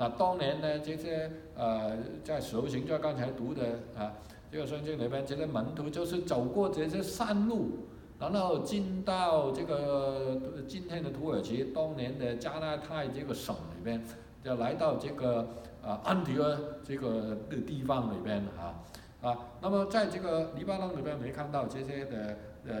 那當年呢，這些呃在首行，就剛才讀的啊，這個聖經裏邊，這些門徒就是走過這些山路，然後進到這個今天的土耳其，當年的加納泰這個省裏邊，就來到這個啊安提阿這個的地方裏邊。哈啊，那麼在這個黎巴嫩裏邊，沒看到這些的呃。啊